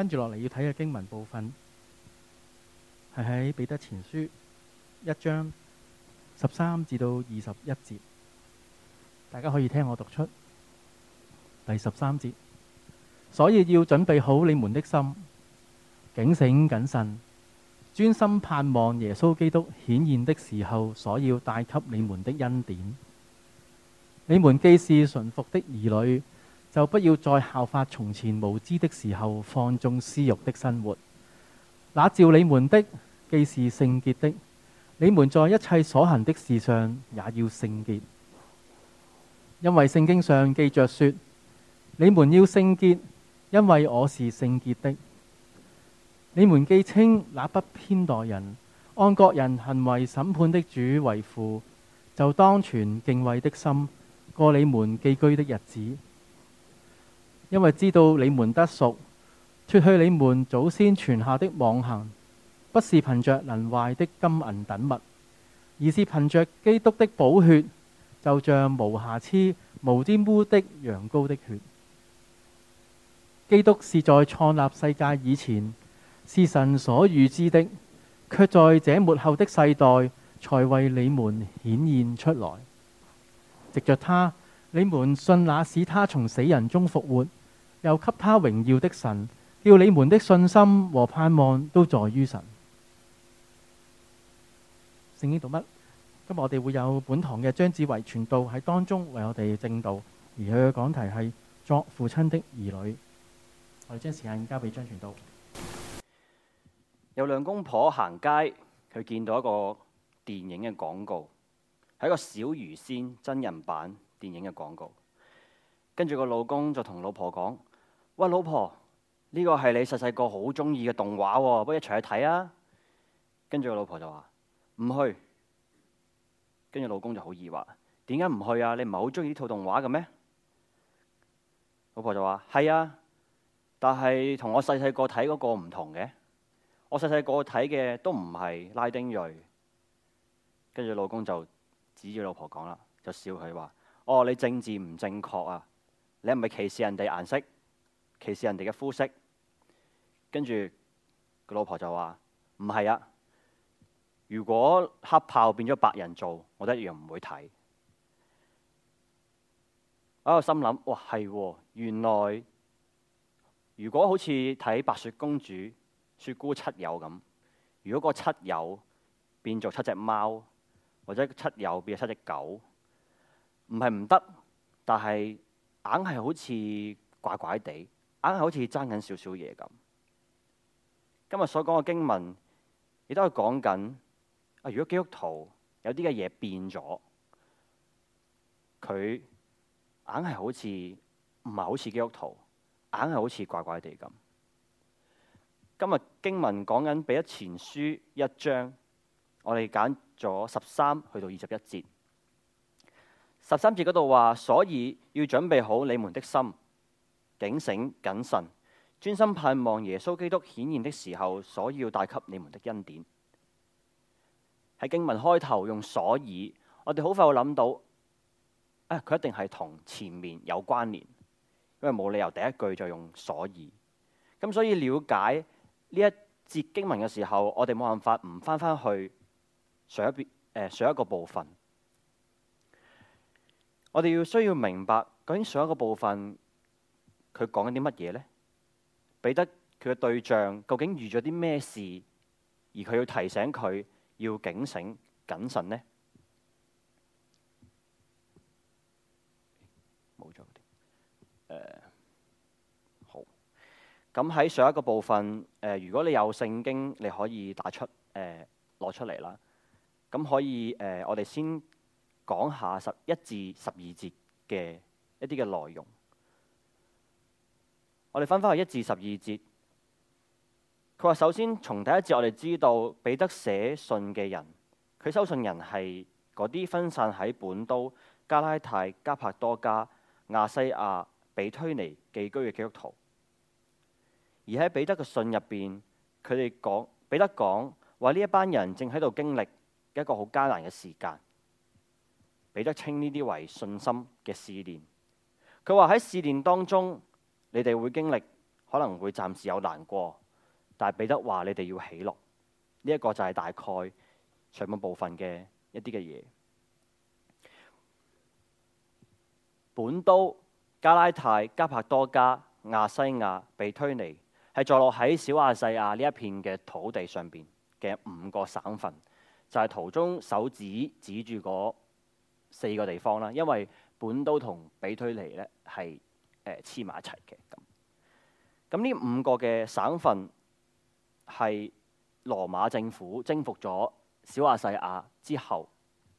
跟住落嚟要睇嘅經文部分，係喺彼得前書一章十三至到二十一節，大家可以聽我讀出第十三節。所以要準備好你們的心，警醒謹慎，專心盼望耶穌基督顯現的時候所要帶給你們的恩典。你們既是順服的兒女。就不要再效法從前無知的時候放縱私欲的生活。那召你們的，既是聖潔的，你們在一切所行的事上也要聖潔。因為聖經上記着說：你們要聖潔，因為我是聖潔的。你們既稱那不偏待人、按各人行為審判的主為父，就當存敬畏的心過你們寄居的日子。因為知道你們得贖，脫去你們祖先傳下的妄行，不是憑着能壞的金銀等物，而是憑着基督的寶血，就像無瑕疵、無玷污的羊羔的血。基督是在創立世界以前，是神所預知的，卻在這末後的世代，才為你們顯現出來。藉着祂，你們信那使他從死人中復活。又給他榮耀的神，叫你們的信心和盼望都在於神。聖經讀乜？今日我哋會有本堂嘅張子為傳道喺當中為我哋證道，而佢嘅講題係作父親的兒女。我哋將時間交俾張傳道。有兩公婆行街，佢見到一個電影嘅廣告，係一個小魚仙真人版電影嘅廣告。跟住個老公就同老婆講。喂，老婆，呢個係你細細個好中意嘅動畫喎，不如一齊去睇啊？跟住個老婆就話唔去，跟住老公就好疑惑，點解唔去啊？你唔係好中意呢套動畫嘅咩？老婆就話係啊，但係同我細細個睇嗰個唔同嘅。我細細個睇嘅都唔係拉丁裔。跟住老公就指住老婆講啦，就笑佢話：哦，你政治唔正確啊？你係咪歧視人哋顏色？歧視人哋嘅膚色，跟住個老婆就話：唔係啊！如果黑豹變咗白人做，我都一樣唔會睇。我心諗：哇，係啊！原來如果好似睇白雪公主、雪姑七友咁，如果個七友變做七隻貓，或者七友變咗七隻狗，唔係唔得，但係硬係好似怪怪地。硬係好似爭緊少少嘢咁。今日所講嘅經文，亦都係講緊啊！如果基督徒有啲嘅嘢變咗，佢硬係好似唔係好似基督徒，硬係好似怪怪地咁。今日經文講緊彼得前書一章，我哋揀咗十三去到二十一節。十三節嗰度話，所以要準備好你們的心。警醒、謹慎、專心盼望耶穌基督顯現的時候，所要帶給你們的恩典。喺經文開頭用所以，我哋好快會諗到，啊、佢一定係同前面有關聯，因為冇理由第一句就用所以。咁所以了解呢一節經文嘅時候，我哋冇辦法唔翻翻去上一上一個部分。我哋要需要明白究竟上一個部分。佢講緊啲乜嘢呢？彼得佢嘅對象究竟遇咗啲咩事，而佢要提醒佢要警醒謹慎呢？冇錯。誒、呃、好。咁喺上一個部分，呃、如果你有聖經，你可以打出攞、呃、出嚟啦。咁可以誒、呃，我哋先講下十一至十二節嘅一啲嘅內容。我哋分翻去一至十二節，佢話首先從第一節我哋知道彼得寫信嘅人，佢收信人係嗰啲分散喺本都、加拉太、加帕多加、亞西亞、比推尼寄居嘅基督徒。而喺彼得嘅信入邊，佢哋講彼得講話呢一班人正喺度經歷一個好艱難嘅時間，彼得稱呢啲為信心嘅試煉。佢話喺試煉當中。你哋會經歷可能會暫時有難過，但係彼得話你哋要喜樂。呢、這、一個就係大概全部部分嘅一啲嘅嘢。本都、加拉太、加帕多加、亞西亞、比推尼係坐落喺小亞細亞呢一片嘅土地上邊嘅五個省份，就係、是、圖中手指指住嗰四個地方啦。因為本都同比推尼呢係。黐埋一齊嘅咁，咁呢五個嘅省份係羅馬政府征服咗小亞細亞之後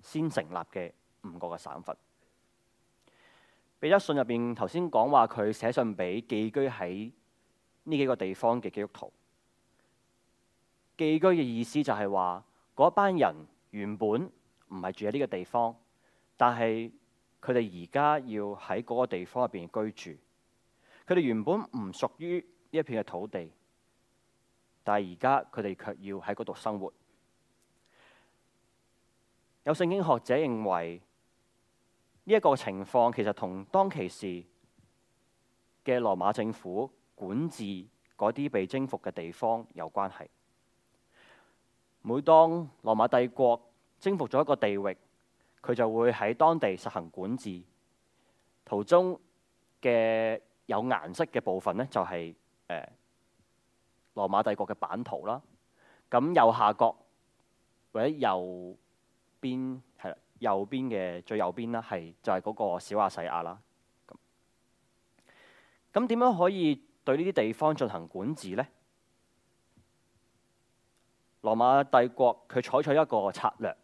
先成立嘅五個嘅省份。彼得信入邊頭先講話，佢寫信俾寄居喺呢幾個地方嘅基督徒。寄居嘅意思就係話嗰班人原本唔係住喺呢個地方，但係。佢哋而家要喺嗰個地方入邊居住，佢哋原本唔屬於呢一片嘅土地，但係而家佢哋卻要喺嗰度生活。有聖經學者認為呢一個情況其實同當其時嘅羅馬政府管治嗰啲被征服嘅地方有關係。每當羅馬帝國征服咗一個地域，佢就會喺當地實行管治。途中嘅有顏色嘅部分呢，就係、是、誒、呃、羅馬帝國嘅版圖啦。咁右下角或者右邊係啦，右邊嘅最右邊啦，係就係、是、嗰個小亞細亞啦。咁點樣可以對呢啲地方進行管治呢？羅馬帝國佢採取一個策略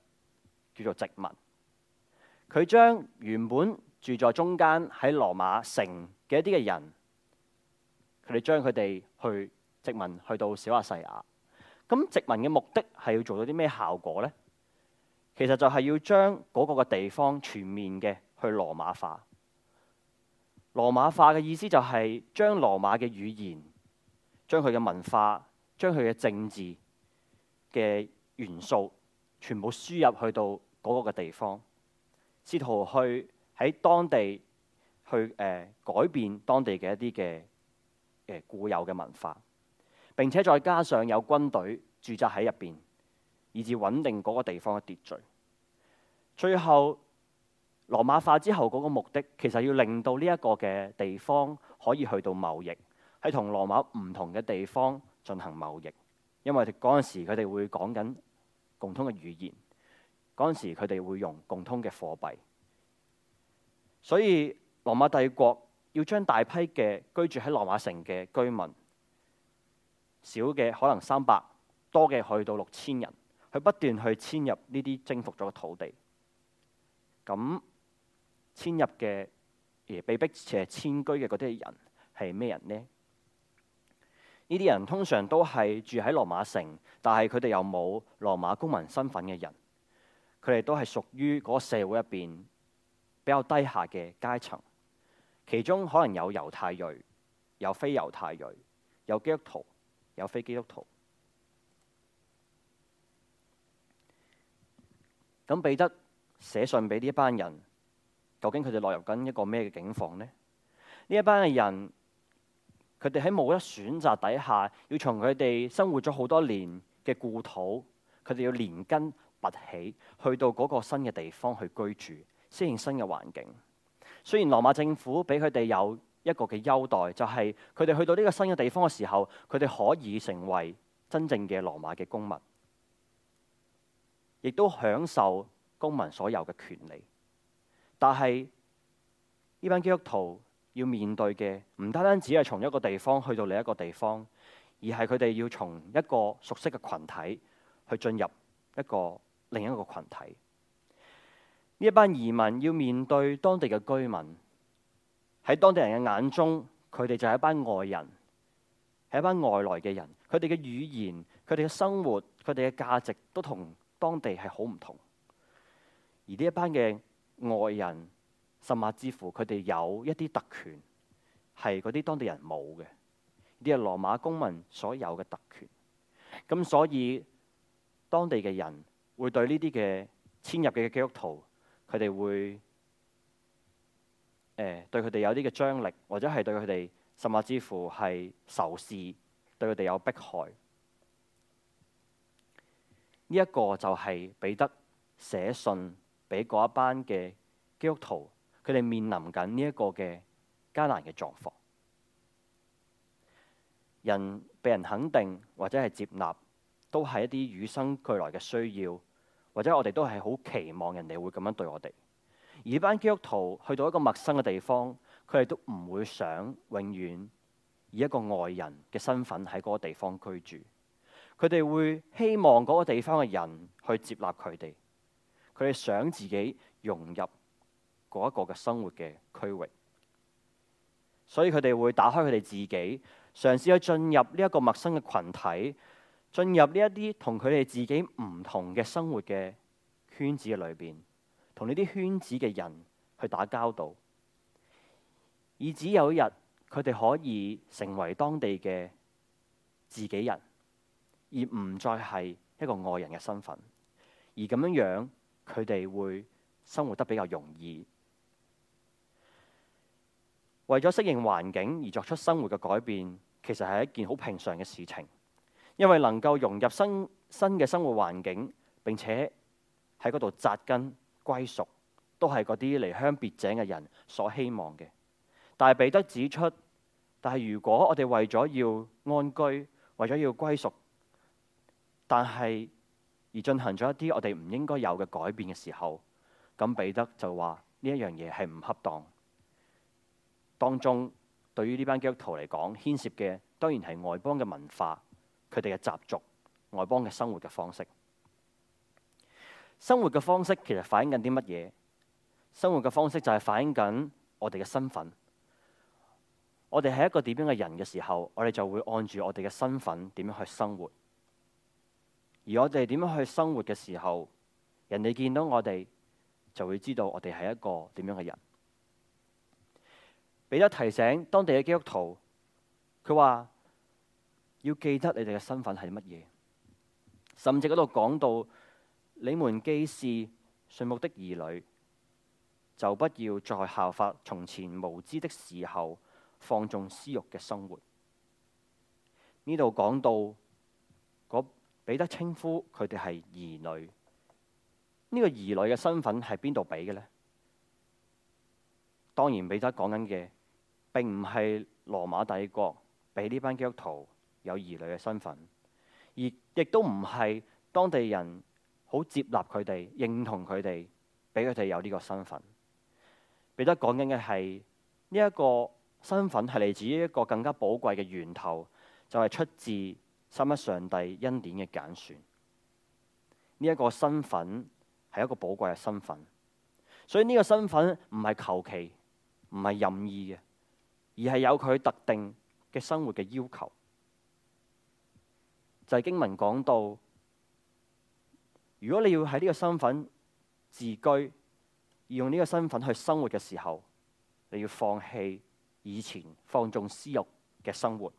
叫做殖民。佢將原本住在中間喺羅馬城嘅一啲嘅人，佢哋將佢哋去殖民去到小亞細亞。咁殖民嘅目的係要做到啲咩效果呢？其實就係要將嗰個嘅地方全面嘅去羅馬化。羅馬化嘅意思就係將羅馬嘅語言、將佢嘅文化、將佢嘅政治嘅元素，全部輸入去到嗰個嘅地方。試圖去喺當地去誒、呃、改變當地嘅一啲嘅誒固有嘅文化，並且再加上有軍隊駐紮喺入邊，以至穩定嗰個地方嘅秩序。最後羅馬化之後嗰個目的，其實要令到呢一個嘅地方可以去到貿易，喺同羅馬唔同嘅地方進行貿易，因為嗰陣時佢哋會講緊共通嘅語言。嗰陣時，佢哋會用共通嘅貨幣，所以羅馬帝國要將大批嘅居住喺羅馬城嘅居民，少嘅可能三百，多嘅去到六千人，去不斷去遷入呢啲征服咗嘅土地。咁遷入嘅而被迫且遷居嘅嗰啲人係咩人呢？呢啲人通常都係住喺羅馬城，但係佢哋又冇羅馬公民身份嘅人。佢哋都係屬於嗰個社會入邊比較低下嘅階層，其中可能有猶太裔、有非猶太裔、有基督徒、有非基督徒。咁彼得寫信俾呢一班人，究竟佢哋落入緊一個咩嘅境況呢？呢一班嘅人，佢哋喺冇得選擇底下，要從佢哋生活咗好多年嘅故土，佢哋要連根拔起去到嗰個新嘅地方去居住，適應新嘅環境。雖然羅馬政府俾佢哋有一個嘅優待，就係佢哋去到呢個新嘅地方嘅時候，佢哋可以成為真正嘅羅馬嘅公民，亦都享受公民所有嘅權利。但係呢班基督徒要面對嘅唔單單只係從一個地方去到另一個地方，而係佢哋要從一個熟悉嘅群體去進入一個。另一個群體，呢一班移民要面對當地嘅居民。喺當地人嘅眼中，佢哋就係一班外人，係一班外來嘅人。佢哋嘅語言、佢哋嘅生活、佢哋嘅價值都同當地係好唔同。而呢一班嘅外人，甚至乎佢哋有一啲特權，係嗰啲當地人冇嘅，呢啲係羅馬公民所有嘅特權。咁所以當地嘅人會對呢啲嘅遷入嘅基督徒，佢哋會誒、呃、對佢哋有啲嘅張力，或者係對佢哋，甚至乎係仇視，對佢哋有迫害。呢、這、一個就係彼得寫信俾嗰一班嘅基督徒，佢哋面臨緊呢一個嘅艱難嘅狀況。人被人肯定或者係接納，都係一啲與生俱來嘅需要。或者我哋都係好期望人哋會咁樣對我哋，而班基督徒去到一個陌生嘅地方，佢哋都唔會想永遠以一個外人嘅身份喺嗰個地方居住，佢哋會希望嗰個地方嘅人去接納佢哋，佢哋想自己融入嗰一個嘅生活嘅區域，所以佢哋會打開佢哋自己，嘗試去進入呢一個陌生嘅群體。進入呢一啲同佢哋自己唔同嘅生活嘅圈子嘅裏邊，同呢啲圈子嘅人去打交道，而只有一日佢哋可以成為當地嘅自己人，而唔再係一個外人嘅身份，而咁樣樣佢哋會生活得比較容易。為咗適應環境而作出生活嘅改變，其實係一件好平常嘅事情。因為能夠融入新新嘅生活環境，並且喺嗰度扎根歸屬，都係嗰啲離鄉別井嘅人所希望嘅。但係彼得指出，但係如果我哋為咗要安居，為咗要歸屬，但係而進行咗一啲我哋唔應該有嘅改變嘅時候，咁彼得就話呢一樣嘢係唔恰當。當中對於呢班基督徒嚟講，牽涉嘅當然係外邦嘅文化。佢哋嘅習俗，外邦嘅生活嘅方式，生活嘅方式其實反映緊啲乜嘢？生活嘅方式就係反映緊我哋嘅身份。我哋係一個點樣嘅人嘅時候，我哋就會按住我哋嘅身份點樣去生活。而我哋點樣去生活嘅時候，人哋見到我哋就會知道我哋係一個點樣嘅人。彼得提醒當地嘅基督徒，佢話，要記得你哋嘅身份係乜嘢，甚至嗰度講到，你們既是順命的兒女，就不要再效法從前無知的時候放縱私欲嘅生活。呢度講到，嗰彼得稱呼佢哋係兒女，呢個兒女嘅身份係邊度俾嘅呢？當然，彼得講緊嘅並唔係羅馬帝國俾呢班基督徒。有兒女嘅身份，而亦都唔係當地人好接納佢哋、認同佢哋，俾佢哋有呢個身份。彼得講緊嘅係呢一個身份係嚟自於一個更加寶貴嘅源頭，就係、是、出自三一上帝恩典嘅揀選。呢、這、一個身份係一個寶貴嘅身份，所以呢個身份唔係求其、唔係任意嘅，而係有佢特定嘅生活嘅要求。就係經文講到，如果你要喺呢個身份自居，要用呢個身份去生活嘅時候，你要放棄以前放縱私欲嘅生活，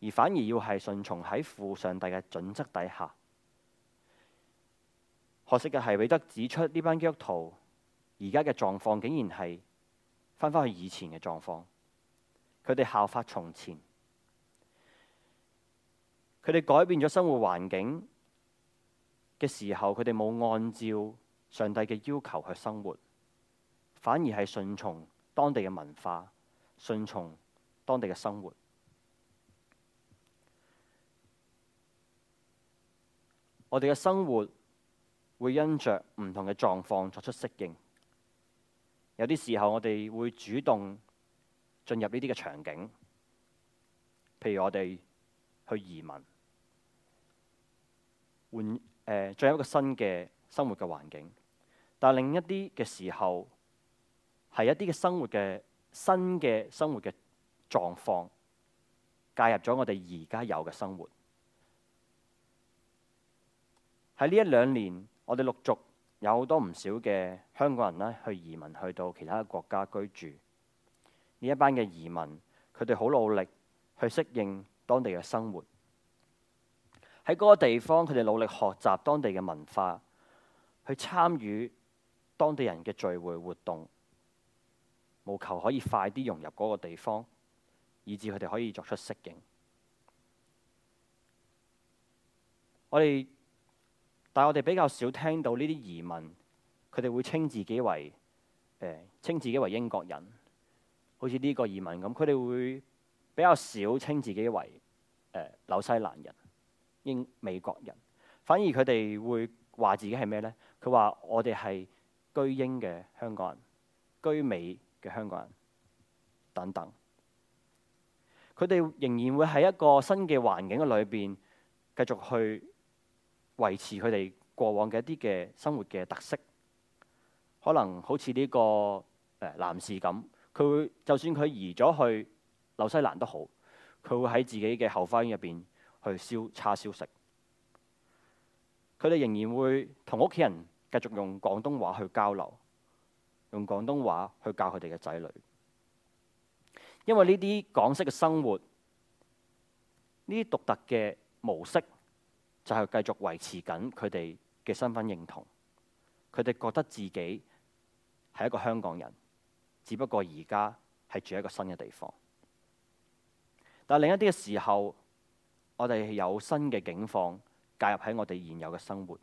而反而要係順從喺父上帝嘅準則底下。可惜嘅係，彼得指出呢班基督徒而家嘅狀況竟然係翻返去以前嘅狀況，佢哋效法從前。佢哋改變咗生活環境嘅時候，佢哋冇按照上帝嘅要求去生活，反而係順從當地嘅文化，順從當地嘅生活。我哋嘅生活會因着唔同嘅狀況作出適應。有啲時候，我哋會主動進入呢啲嘅場景，譬如我哋去移民。換誒、呃、進入一個新嘅生活嘅環境，但另一啲嘅時候係一啲嘅生活嘅新嘅生活嘅狀況，介入咗我哋而家有嘅生活。喺呢一兩年，我哋陸續有好多唔少嘅香港人咧去移民去到其他國家居住。呢一班嘅移民，佢哋好努力去適應當地嘅生活。喺嗰個地方，佢哋努力學習當地嘅文化，去參與當地人嘅聚會活動，務求可以快啲融入嗰個地方，以致佢哋可以作出適應。我哋但係我哋比較少聽到呢啲移民，佢哋會稱自己為誒稱、欸、自己為英國人，好似呢個移民咁，佢哋會比較少稱自己為誒紐、欸、西蘭人。英美國人，反而佢哋會話自己係咩呢？佢話我哋係居英嘅香港人、居美嘅香港人等等。佢哋仍然會喺一個新嘅環境嘅裏邊，繼續去維持佢哋過往嘅一啲嘅生活嘅特色。可能好似呢個男士咁，佢會就算佢移咗去紐西蘭都好，佢會喺自己嘅後花園入邊。去燒叉燒食，佢哋仍然會同屋企人繼續用廣東話去交流，用廣東話去教佢哋嘅仔女，因為呢啲港式嘅生活，呢啲獨特嘅模式，就係、是、繼續維持緊佢哋嘅身份認同。佢哋覺得自己係一個香港人，只不過而家係住喺一個新嘅地方。但另一啲嘅時候，我哋有新嘅境況介入喺我哋現有嘅生活，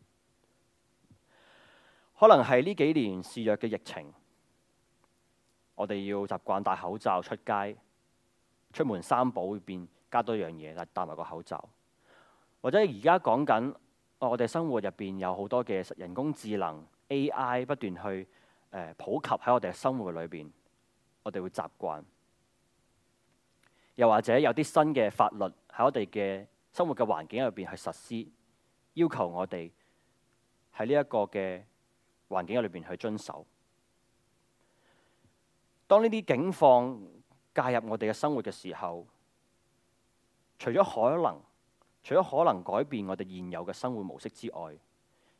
可能係呢幾年肆虐嘅疫情，我哋要習慣戴口罩出街，出門三寶入邊加多一樣嘢，就戴埋個口罩。或者而家講緊，我哋生活入邊有好多嘅人工智能 AI 不斷去、呃、普及喺我哋嘅生活裏邊，我哋會習慣。又或者有啲新嘅法律喺我哋嘅生活嘅環境入邊去實施，要求我哋喺呢一個嘅環境入邊去遵守。當呢啲境況介入我哋嘅生活嘅時候，除咗可能，除咗可能改變我哋現有嘅生活模式之外，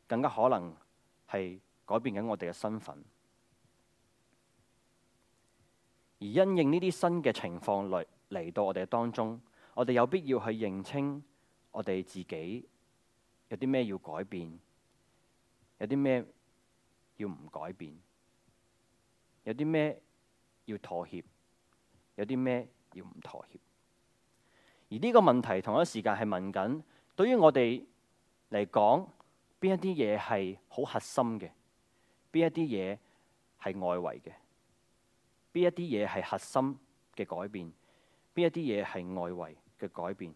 更加可能係改變緊我哋嘅身份。而因應呢啲新嘅情況類。嚟到我哋當中，我哋有必要去認清我哋自己有啲咩要改變，有啲咩要唔改變，有啲咩要妥協，有啲咩要唔妥協。而呢個問題同一時間係問緊，對於我哋嚟講，邊一啲嘢係好核心嘅，邊一啲嘢係外圍嘅，邊一啲嘢係核心嘅改變？邊一啲嘢係外圍嘅改變？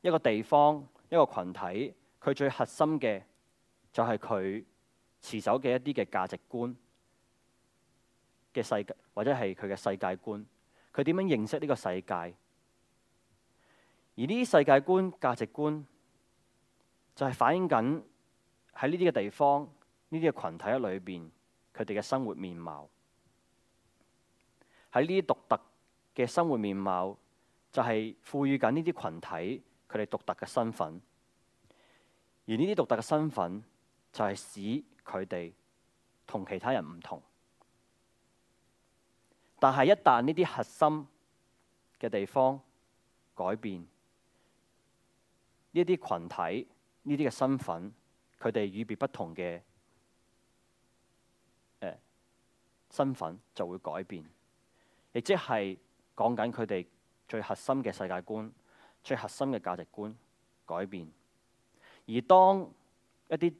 一個地方、一個群體，佢最核心嘅就係佢持守嘅一啲嘅價值觀嘅世界，或者係佢嘅世界觀，佢點樣認識呢個世界？而呢啲世界觀、價值觀就係反映緊喺呢啲嘅地方、呢啲嘅群體裏邊佢哋嘅生活面貌喺呢啲獨特嘅生活面貌就係賦予緊呢啲群體佢哋獨特嘅身份，而呢啲獨特嘅身份就係使佢哋同其他人唔同。但係一旦呢啲核心嘅地方改變，呢啲群體呢啲嘅身份，佢哋與別不同嘅、呃、身份就會改變，亦即係。講緊佢哋最核心嘅世界觀、最核心嘅價值觀改變。而當一啲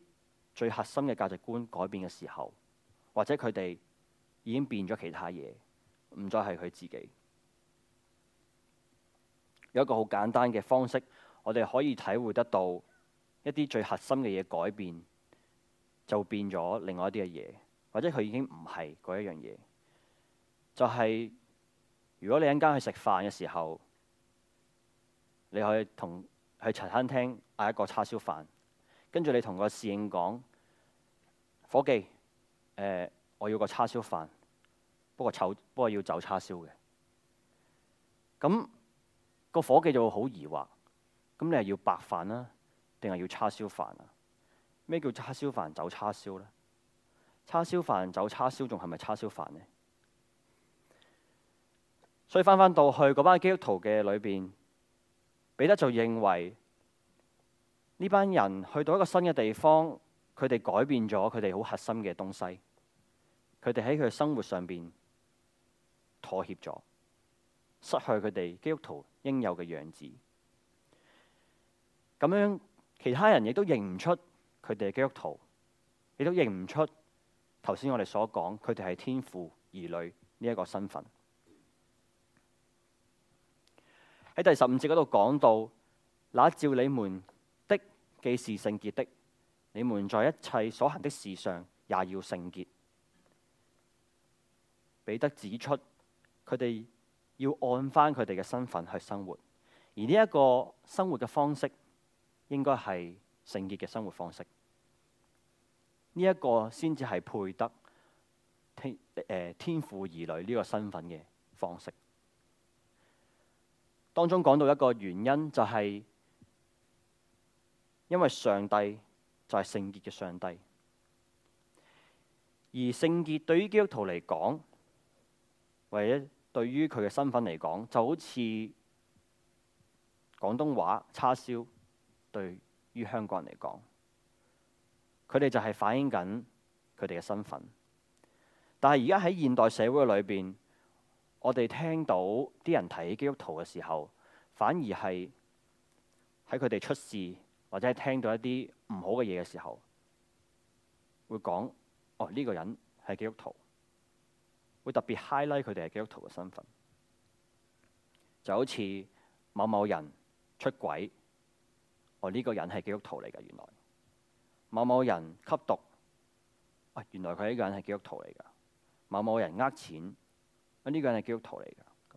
最核心嘅價值觀改變嘅時候，或者佢哋已經變咗其他嘢，唔再係佢自己。有一個好簡單嘅方式，我哋可以體會得到一啲最核心嘅嘢改變，就變咗另外一啲嘅嘢，或者佢已經唔係嗰一樣嘢，就係。如果你一間去食飯嘅時候，你可以同去茶餐廳嗌一個叉燒飯，跟住你同個侍應講：「伙計，呃，我要個叉燒飯，不過炒不過要走叉燒嘅。」咁個伙計就會好疑惑，咁你係要白飯啦，定係要叉燒飯啊？咩叫叉燒飯走叉燒呢？叉燒飯走叉燒仲係咪叉燒飯呢？所以翻返到去嗰班基督徒嘅裏邊，彼得就認為呢班人去到一個新嘅地方，佢哋改變咗佢哋好核心嘅東西，佢哋喺佢嘅生活上邊妥協咗，失去佢哋基督徒應有嘅樣子。咁樣其他人亦都認唔出佢哋係基督徒，亦都認唔出頭先我哋所講佢哋係天父兒女呢一個身份。喺第十五節嗰度講到，那照你們的既是聖潔的，你們在一切所行的事上也要聖潔。彼得指出，佢哋要按翻佢哋嘅身份去生活，而呢一個生活嘅方式，應該係聖潔嘅生活方式。呢一個先至係配得天誒天父兒女呢個身份嘅方式。當中講到一個原因，就係因為上帝就係聖潔嘅上帝，而聖潔對於基督徒嚟講，或者對於佢嘅身份嚟講，就好似廣東話叉燒對於香港人嚟講，佢哋就係反映緊佢哋嘅身份。但係而家喺現代社會裏邊，我哋聽到啲人提起基督徒嘅時候，反而係喺佢哋出事或者係聽到一啲唔好嘅嘢嘅時候，會講：哦呢個人係基督徒，會特別 highlight 佢哋係基督徒嘅身份。就好似某某人出軌，哦呢個人係基督徒嚟嘅原來；某某人吸毒，哦原來佢呢個人係基督徒嚟嘅；某某人呃錢。呢個人係基督徒嚟嘅，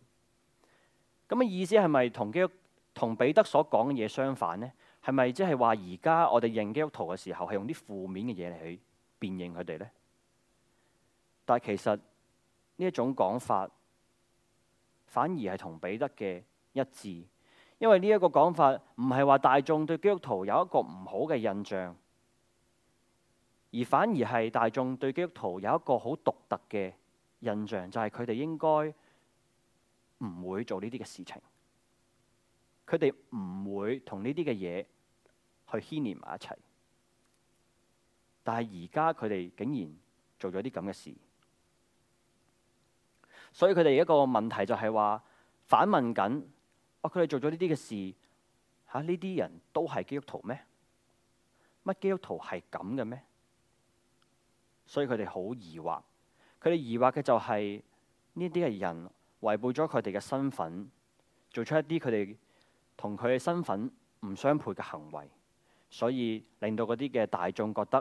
咁嘅意思係咪同基督同彼得所講嘅嘢相反呢？係咪即係話而家我哋認基督徒嘅時候係用啲負面嘅嘢嚟去辨認佢哋呢？但係其實呢一種講法反而係同彼得嘅一致，因為呢一個講法唔係話大眾對基督徒有一個唔好嘅印象，而反而係大眾對基督徒有一個好獨特嘅印象就係佢哋應該唔會做呢啲嘅事情，佢哋唔會同呢啲嘅嘢去牽連埋一齊。但係而家佢哋竟然做咗啲咁嘅事，所以佢哋一個問題就係話反問緊，哦，佢哋做咗呢啲嘅事，吓，呢啲人都係基督徒咩？乜基督徒係咁嘅咩？所以佢哋好疑惑。佢哋疑惑嘅就係呢啲嘅人違背咗佢哋嘅身份，做出一啲佢哋同佢嘅身份唔相配嘅行為，所以令到嗰啲嘅大眾覺得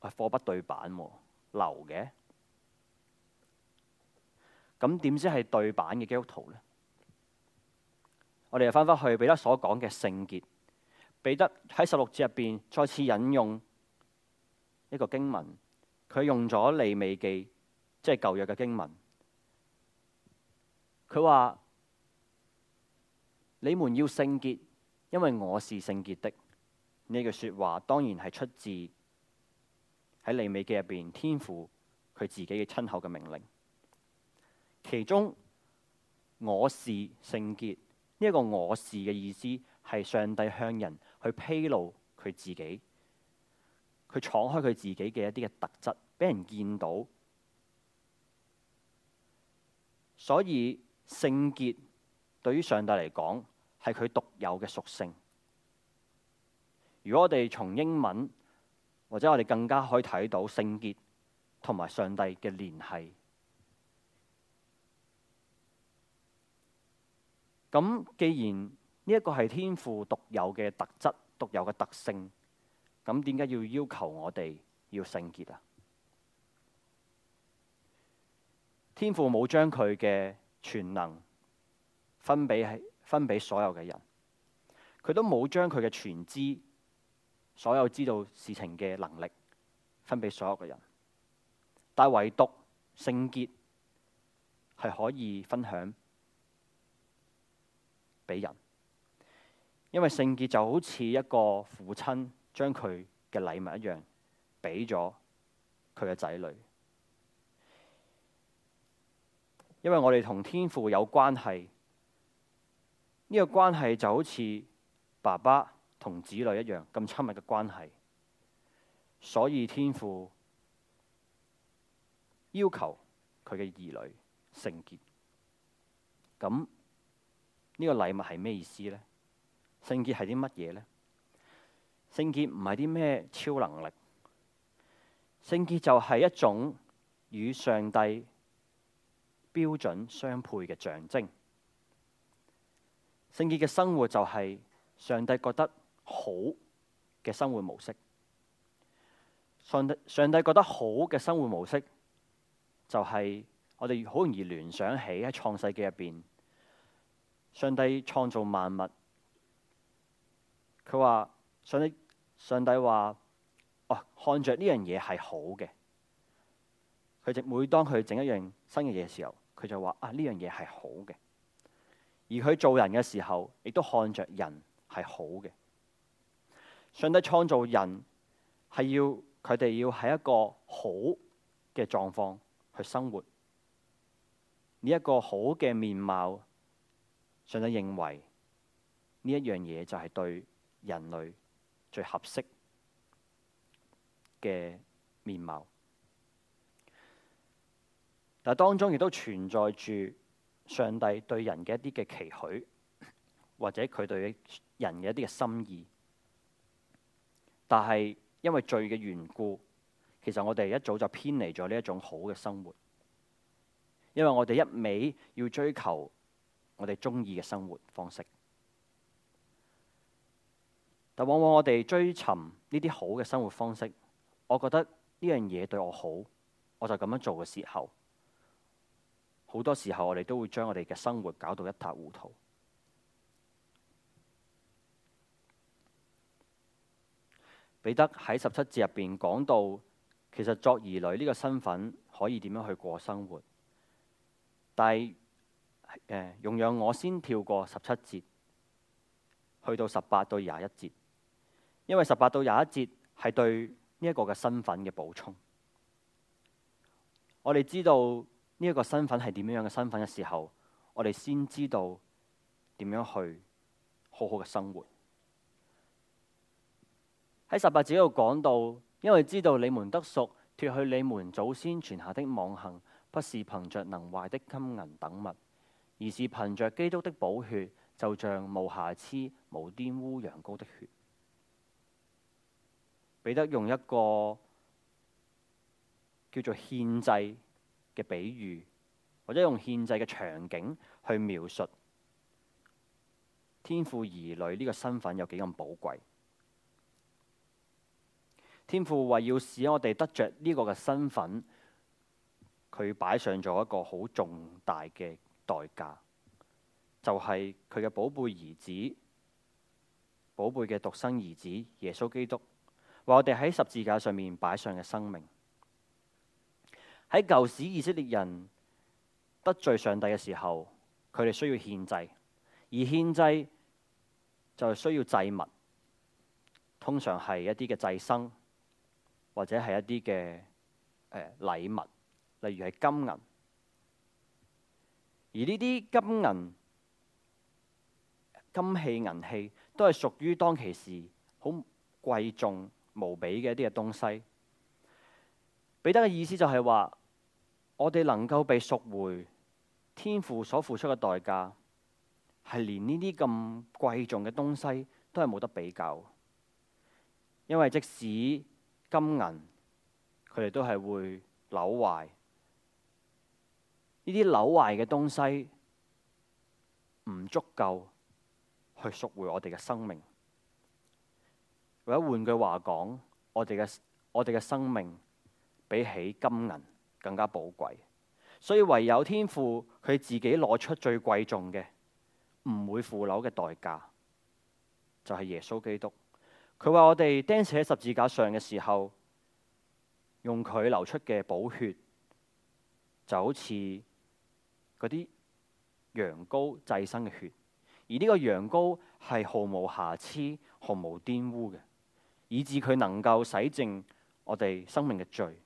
係貨，啊，不對版喎，啊，流嘅。咁點知係對版嘅基督徒呢？我哋又翻返去彼得所講嘅聖潔，彼得喺十六節入邊再次引用一個經文。佢用咗利未記，即係舊約嘅經文。佢話：你們要聖潔，因為我是聖潔的。呢句說話當然係出自喺利未記入邊天父佢自己嘅親口嘅命令。其中，我是聖潔呢一、這個我是嘅意思，係上帝向人去披露佢自己，佢敞開佢自己嘅一啲嘅特質。俾人見到，所以聖潔對於上帝嚟講係佢獨有嘅屬性。如果我哋從英文或者我哋更加可以睇到聖潔同埋上帝嘅聯繫，咁既然呢一個係天父獨有嘅特質、獨有嘅特性，咁點解要要求我哋要聖潔啊？天父冇將佢嘅全能分俾分俾所有嘅人，佢都冇將佢嘅全知，所有知道事情嘅能力分俾所有嘅人，但係唯獨聖潔係可以分享俾人，因為聖潔就好似一個父親將佢嘅禮物一樣，俾咗佢嘅仔女。因為我哋同天父有關係，呢個關係就好似爸爸同子女一樣咁親密嘅關係，所以天父要求佢嘅兒女聖潔。咁呢個禮物係咩意思呢？聖潔係啲乜嘢呢？聖潔唔係啲咩超能力，聖潔就係一種與上帝。標準相配嘅象徵，聖潔嘅生活就係上帝覺得好嘅生活模式。上帝上帝覺得好嘅生活模式，就係我哋好容易聯想起喺創世記入邊，上帝創造萬物。佢話上帝上帝話，哇、哦，看着呢樣嘢係好嘅。佢整每當佢整一樣新嘅嘢嘅時候。佢就話啊，呢樣嘢係好嘅，而佢做人嘅時候，亦都看着人係好嘅。上帝創造人係要佢哋要喺一個好嘅狀況去生活，呢一個好嘅面貌，上帝認為呢一樣嘢就係對人類最合適嘅面貌。但當中亦都存在住上帝對人嘅一啲嘅期許，或者佢對人嘅一啲嘅心意。但係因為罪嘅緣故，其實我哋一早就偏離咗呢一種好嘅生活，因為我哋一味要追求我哋中意嘅生活方式。但往往我哋追尋呢啲好嘅生活方式，我覺得呢樣嘢對我好，我就咁樣做嘅時候，好多時候，我哋都會將我哋嘅生活搞到一塌糊塗。彼得喺十七節入邊講到，其實作兒女呢個身份可以點樣去過生活，但，但係誒，容讓我先跳過十七節，去到十八到廿一節，因為十八到廿一節係對呢一個嘅身份嘅補充。我哋知道呢一個身份係點樣樣嘅身份嘅時候，我哋先知道點樣去好好嘅生活。喺十八節度講到，因為知道你們得贖，脫去你們祖先傳下的妄行，不是憑着能壞的金銀等物，而是憑着基督的寶血，就像無瑕疵、無玷污羊羔的血。彼得用一個叫做獻祭。嘅比喻，或者用獻祭嘅場景去描述天父兒女呢個身份有幾咁寶貴。天父為要使我哋得着呢個嘅身份，佢擺上咗一個好重大嘅代價，就係佢嘅寶貝兒子，寶貝嘅獨生兒子耶穌基督，為我哋喺十字架上面擺上嘅生命。喺舊時以色列人得罪上帝嘅時候，佢哋需要獻祭，而獻祭就需要祭物，通常係一啲嘅祭牲，或者係一啲嘅誒禮物，例如係金銀，而呢啲金銀金器銀器都係屬於當其時好貴重無比嘅一啲嘅東西。彼得嘅意思就係話，我哋能夠被贖回天父所付出嘅代價，係連呢啲咁貴重嘅東西都係冇得比較，因為即使金銀，佢哋都係會扭壞。呢啲扭壞嘅東西唔足夠去贖回我哋嘅生命。或者換句話講，我哋嘅我哋嘅生命比起金銀。更加寶貴，所以唯有天父佢自己攞出最貴重嘅、唔會腐朽嘅代價，就係、是、耶穌基督。佢話我哋釘死喺十字架上嘅時候，用佢流出嘅寶血，就好似嗰啲羊羔祭牲嘅血，而呢個羊羔係毫無瑕疵、毫無玷污嘅，以致佢能夠洗淨我哋生命嘅罪。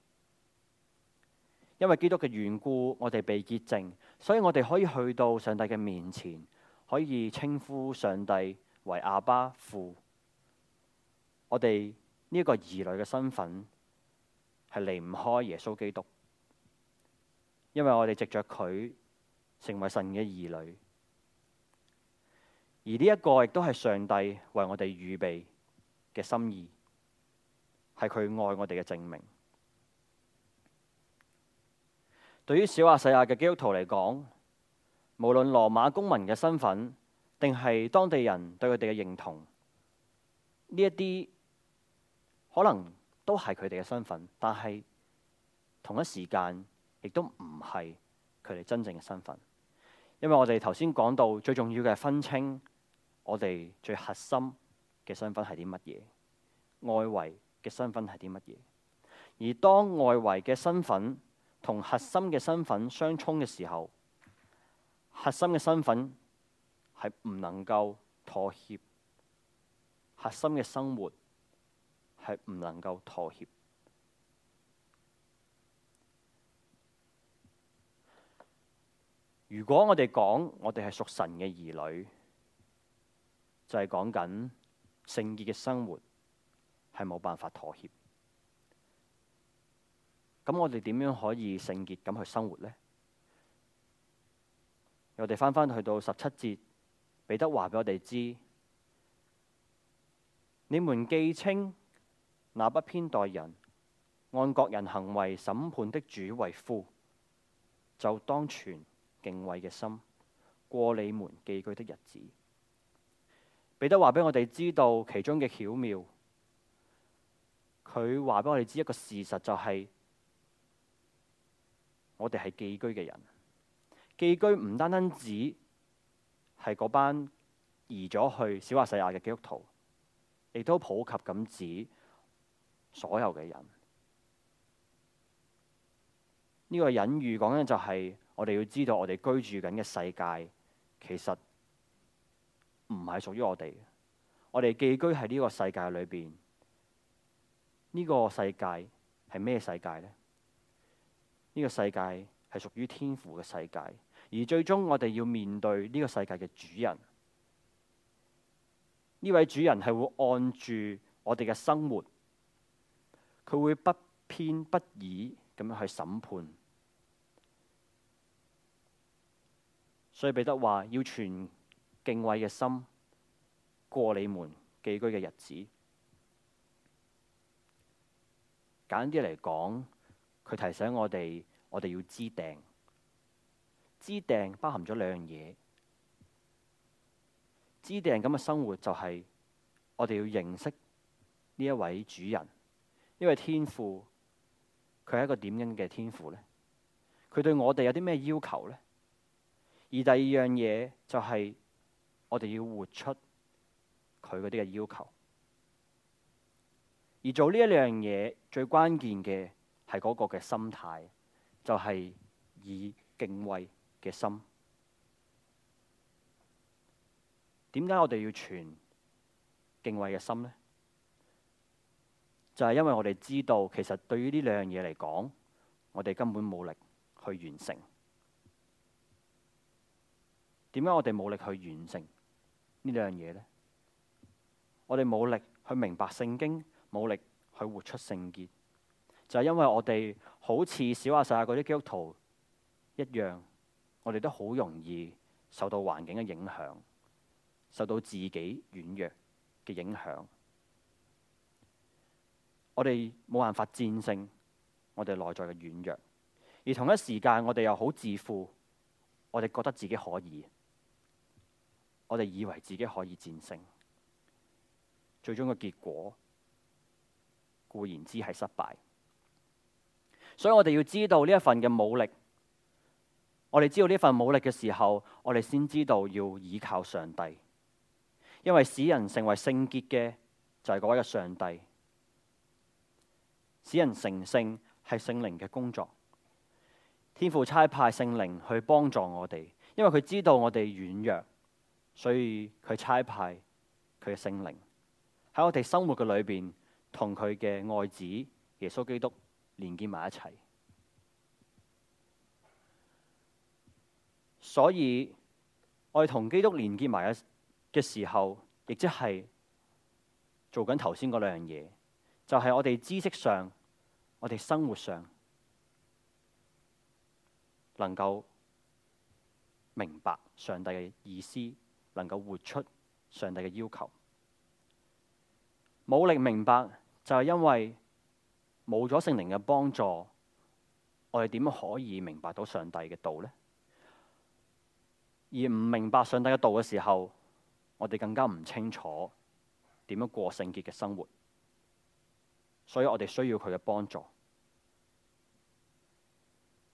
因為基督嘅緣故，我哋被潔淨，所以我哋可以去到上帝嘅面前，可以稱呼上帝為阿爸父。我哋呢一個兒女嘅身份係離唔開耶穌基督，因為我哋藉着佢成為神嘅兒女，而呢一個亦都係上帝為我哋預備嘅心意，係佢愛我哋嘅證明。對於小亞細亞嘅基督徒嚟講，無論羅馬公民嘅身份，定係當地人對佢哋嘅認同，呢一啲可能都係佢哋嘅身份，但係同一時間亦都唔係佢哋真正嘅身份。因為我哋頭先講到最重要嘅係分清我哋最核心嘅身份係啲乜嘢，外圍嘅身份係啲乜嘢，而當外圍嘅身份同核心嘅身份相衝嘅時候，核心嘅身份係唔能夠妥協，核心嘅生活係唔能夠妥協。如果我哋講我哋係屬神嘅兒女，就係講緊聖潔嘅生活係冇辦法妥協。咁我哋點樣可以聖潔咁去生活呢？我哋翻翻去到十七節，彼得話俾我哋知：你們既稱那不偏待人、按各人行為審判的主為父，就當存敬畏嘅心過你們寄居的日子。彼得話俾我哋知道其中嘅巧妙。佢話俾我哋知一個事實，就是，就係。我哋係寄居嘅人，寄居唔單單指係嗰班移咗去小亞細亞嘅基督徒，亦都普及咁指所有嘅人。呢個隱喻講緊就係我哋要知道，我哋居住緊嘅世界其實唔係屬於我哋，我哋寄居喺呢個世界裏邊。呢個世界係咩世界呢？呢個世界係屬於天父嘅世界，而最終我哋要面對呢個世界嘅主人。呢位主人係會按住我哋嘅生活，佢會不偏不倚咁樣去審判。所以彼得話要存敬畏嘅心過你們寄居嘅日子。簡啲嚟講。佢提醒我哋，我哋要知定。知定包含咗兩樣嘢。知定咁嘅生活就係我哋要認識呢一位主人，呢位天父，佢係一個點樣嘅天父咧？佢對我哋有啲咩要求咧？而第二樣嘢就係我哋要活出佢嗰啲嘅要求。而做呢一樣嘢最關鍵嘅。係嗰個嘅心態，就係、是、以敬畏嘅心。點解我哋要存敬畏嘅心呢？就係、是、因為我哋知道，其實對於呢兩樣嘢嚟講，我哋根本冇力去完成。點解我哋冇力去完成呢兩樣嘢呢？我哋冇力去明白聖經，冇力去活出聖潔。就係因為我哋好似小亞細亞嗰啲基督徒一樣，我哋都好容易受到環境嘅影響，受到自己軟弱嘅影響。我哋冇辦法戰勝我哋內在嘅軟弱，而同一時間我哋又好自負，我哋覺得自己可以，我哋以為自己可以戰勝，最終嘅結果固然之係失敗。所以我哋要知道呢一份嘅無力，我哋知道呢份無力嘅時候，我哋先知道要倚靠上帝，因為使人成為聖潔嘅就係嗰位嘅上帝，使人成聖係聖靈嘅工作，天父差派聖靈去幫助我哋，因為佢知道我哋軟弱，所以佢差派佢嘅聖靈喺我哋生活嘅裏邊同佢嘅愛子耶穌基督。連結埋一齊，所以我哋同基督連結埋嘅嘅時候，亦即係做緊頭先嗰兩樣嘢，就係我哋知識上、我哋生活上能夠明白上帝嘅意思，能夠活出上帝嘅要求。冇力明白就係因為。冇咗聖靈嘅幫助，我哋點可以明白到上帝嘅道呢？而唔明白上帝嘅道嘅時候，我哋更加唔清楚點樣過聖潔嘅生活。所以我哋需要佢嘅幫助。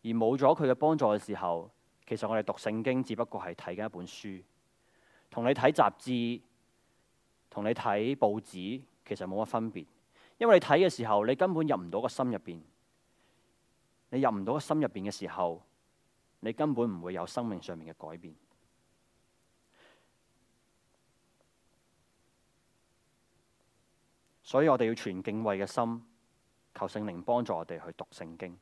而冇咗佢嘅幫助嘅時候，其實我哋讀聖經只不過係睇緊一本書，同你睇雜誌、同你睇報紙，其實冇乜分別。因為你睇嘅時候，你根本入唔到個心入邊。你入唔到個心入邊嘅時候，你根本唔會有生命上面嘅改變。所以我哋要存敬畏嘅心，求聖靈幫助我哋去讀聖經。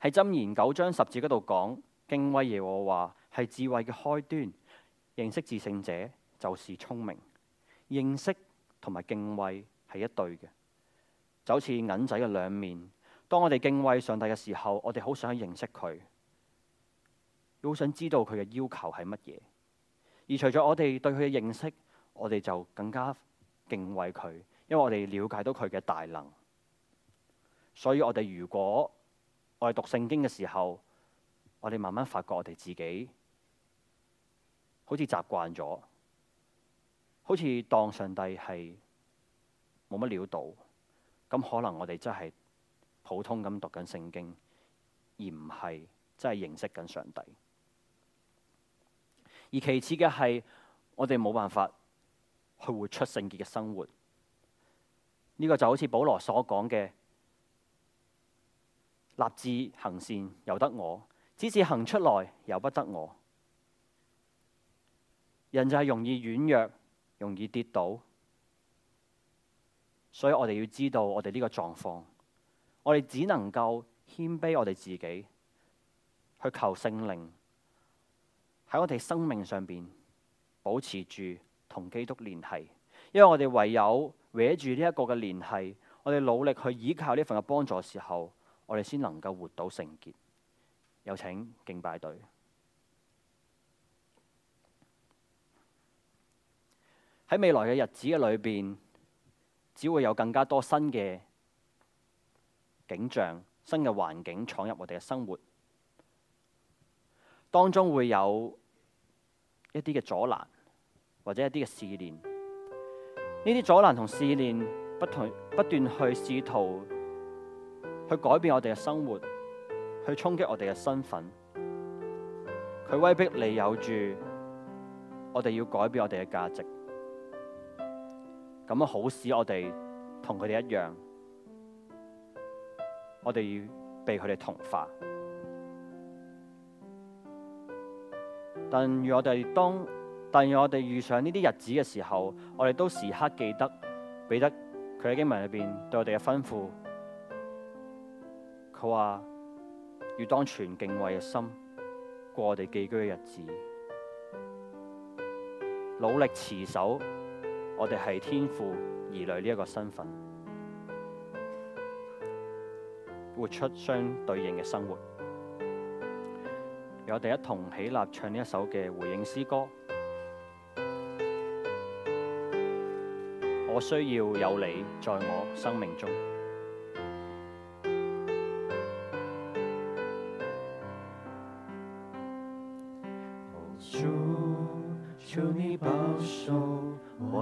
喺箴言九章十節嗰度講，敬畏耶和華係智慧嘅開端。認識至聖者就是聰明，認識同埋敬畏係一對嘅，就好似銀仔嘅兩面。當我哋敬畏上帝嘅時候，我哋好想去認識佢，又好想知道佢嘅要求係乜嘢。而除咗我哋對佢嘅認識，我哋就更加敬畏佢，因為我哋了解到佢嘅大能。所以我哋如果我哋讀聖經嘅時候，我哋慢慢發覺我哋自己好似習慣咗，好似當上帝係。冇乜料到，咁可能我哋真係普通咁讀緊聖經，而唔係真係認識緊上帝。而其次嘅係，我哋冇辦法去活出聖潔嘅生活。呢、這個就好似保羅所講嘅：立志行善，由得我；只是行出來，由不得我。人就係容易軟弱，容易跌倒。所以我哋要知道我哋呢個狀況，我哋只能夠謙卑我哋自己，去求聖靈喺我哋生命上邊保持住同基督聯繫，因為我哋唯有搵住呢一個嘅聯繫，我哋努力去依靠呢份嘅幫助時候，我哋先能夠活到聖潔。有請敬拜隊喺未來嘅日子嘅裏邊。只會有更加多新嘅景象、新嘅環境闖入我哋嘅生活，當中會有一啲嘅阻攔，或者一啲嘅試煉。呢啲阻攔同試煉不同，不斷去試圖去改變我哋嘅生活，去衝擊我哋嘅身份，佢威逼你有住，我哋要改變我哋嘅價值。咁好使我哋同佢哋一樣，我哋要被佢哋同化。但如我哋當，但如我哋遇上呢啲日子嘅時候，我哋都時刻記得彼得佢喺經文裏邊對我哋嘅吩咐。佢話：要當存敬畏嘅心過我哋寄居嘅日子，努力持守。我哋係天父兒女呢一個身份，活出相對應嘅生活。我哋一同起立唱呢一首嘅回應詩歌。 我需要有你在我生命中。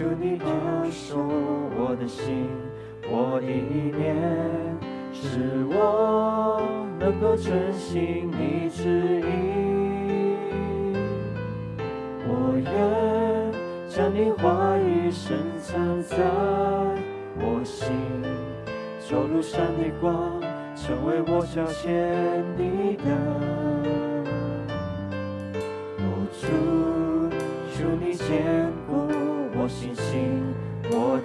求你接受我的心，我的意念，使我能夠存心你旨意。我願將你話語深藏在我心，朝路上的光，成為我腳前你的。我祝，求你堅固。